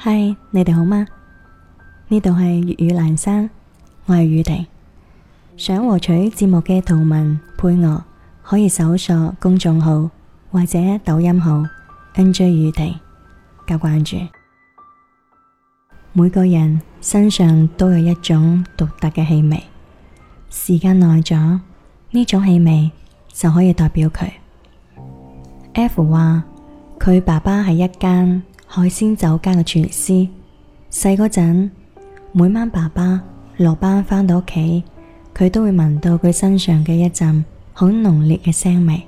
嗨，Hi, 你哋好嗎？呢度係粵語蘭生，我係宇婷。想獲取節目嘅圖文配樂，可以搜索公眾號或者抖音號 N J 宇婷加關注。每個人身上都有一種獨特嘅氣味，時間耐咗，呢種氣味就可以代表佢。F 話佢爸爸喺一間海鮮酒家嘅廚師，細嗰陣每晚，爸爸落班翻到屋企，佢都會聞到佢身上嘅一陣好濃烈嘅腥味。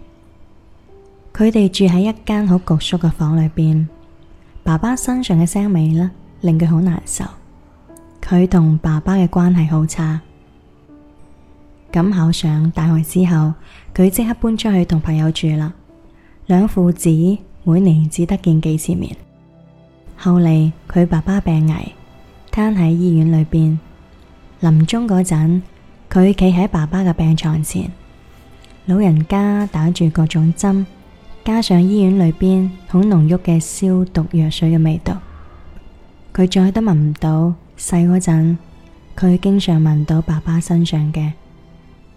佢哋住喺一間好焗縮嘅房裏邊，爸爸身上嘅腥味呢令佢好難受。佢同爸爸嘅關係好差。咁考上大學之後，佢即刻搬出去同朋友住啦。兩父子每年只得見幾次面。後嚟佢爸爸病危，攤喺醫院裏邊，臨終嗰陣，佢企喺爸爸嘅病床前，老人家打住各種針，加上醫院裏邊好濃郁嘅消毒藥水嘅味道，佢再都聞唔到細嗰陣佢經常聞到爸爸身上嘅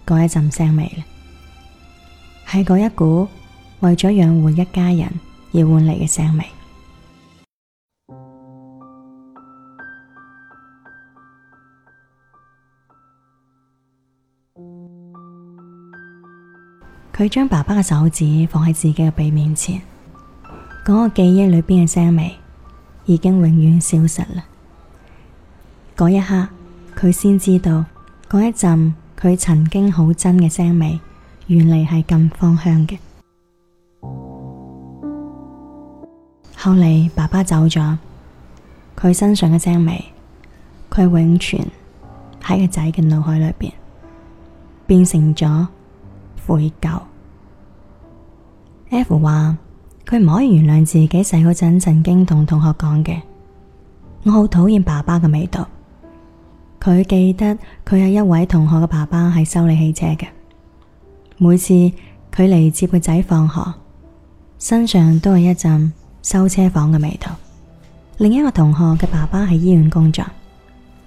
嗰一陣腥味啦，係嗰一股為咗養活一家人而換嚟嘅腥味。佢將爸爸嘅手指放喺自己嘅鼻面前，嗰、那個記憶裏邊嘅腥味已經永遠消失啦。嗰一刻，佢先知道嗰一陣佢曾經好憎嘅腥，腥味，原嚟係咁芳香嘅。後嚟爸爸走咗，佢身上嘅腥味，佢永存喺個仔嘅腦海裏邊，變成咗。悔疚。F 話佢唔可以原諒自己細嗰陣曾經同同學講嘅，我好討厭爸爸嘅味道。佢記得佢有一位同學嘅爸爸係修理汽車嘅，每次佢嚟接個仔放學，身上都有一陣修車房嘅味道。另一個同學嘅爸爸喺醫院工作，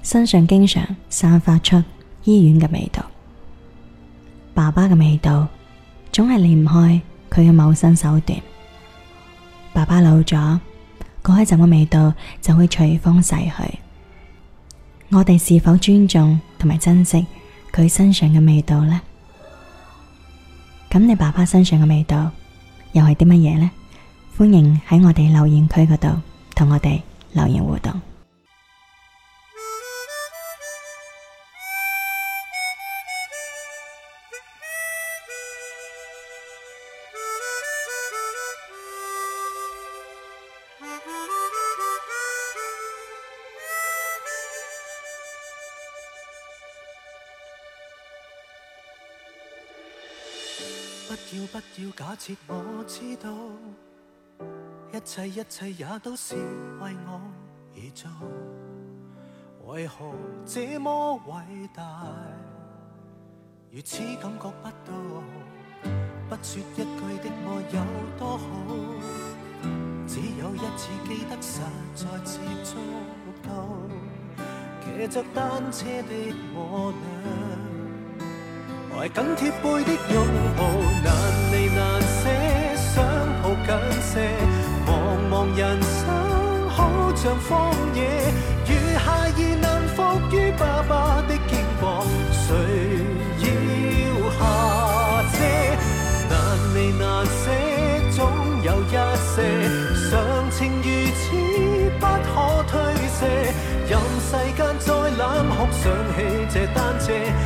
身上經常散發出醫院嘅味道。爸爸嘅味道，總係離唔開佢嘅謀生手段。爸爸老咗，嗰陣味道就會隨風逝去。我哋是否尊重同埋珍惜佢身上嘅味道呢？咁你爸爸身上嘅味道又係啲乜嘢呢？歡迎喺我哋留言區嗰度同我哋留言互動。不要不要假設我知道，一切一切也都是為我而做，為何這麼偉大，如此感覺不到？不説一句的愛有多好，只有一次記得實在接觸到，騎着單車的我倆。懷緊貼背的擁抱，難離難捨，想抱緊些。茫茫人生好像荒野，如孩兒能伏於爸爸的肩膊，誰要下車？難離難捨，總有一些，常情如此，不可推卸。任世間再冷酷，想起這單車。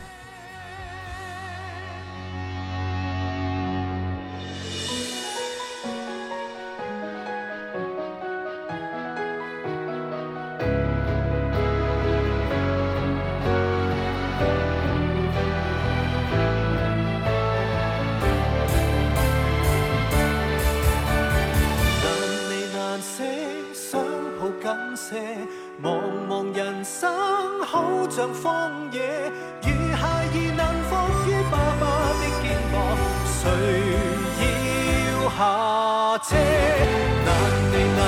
茫茫人生好像荒野，如孩兒能伏於爸爸的肩膊，誰要下車？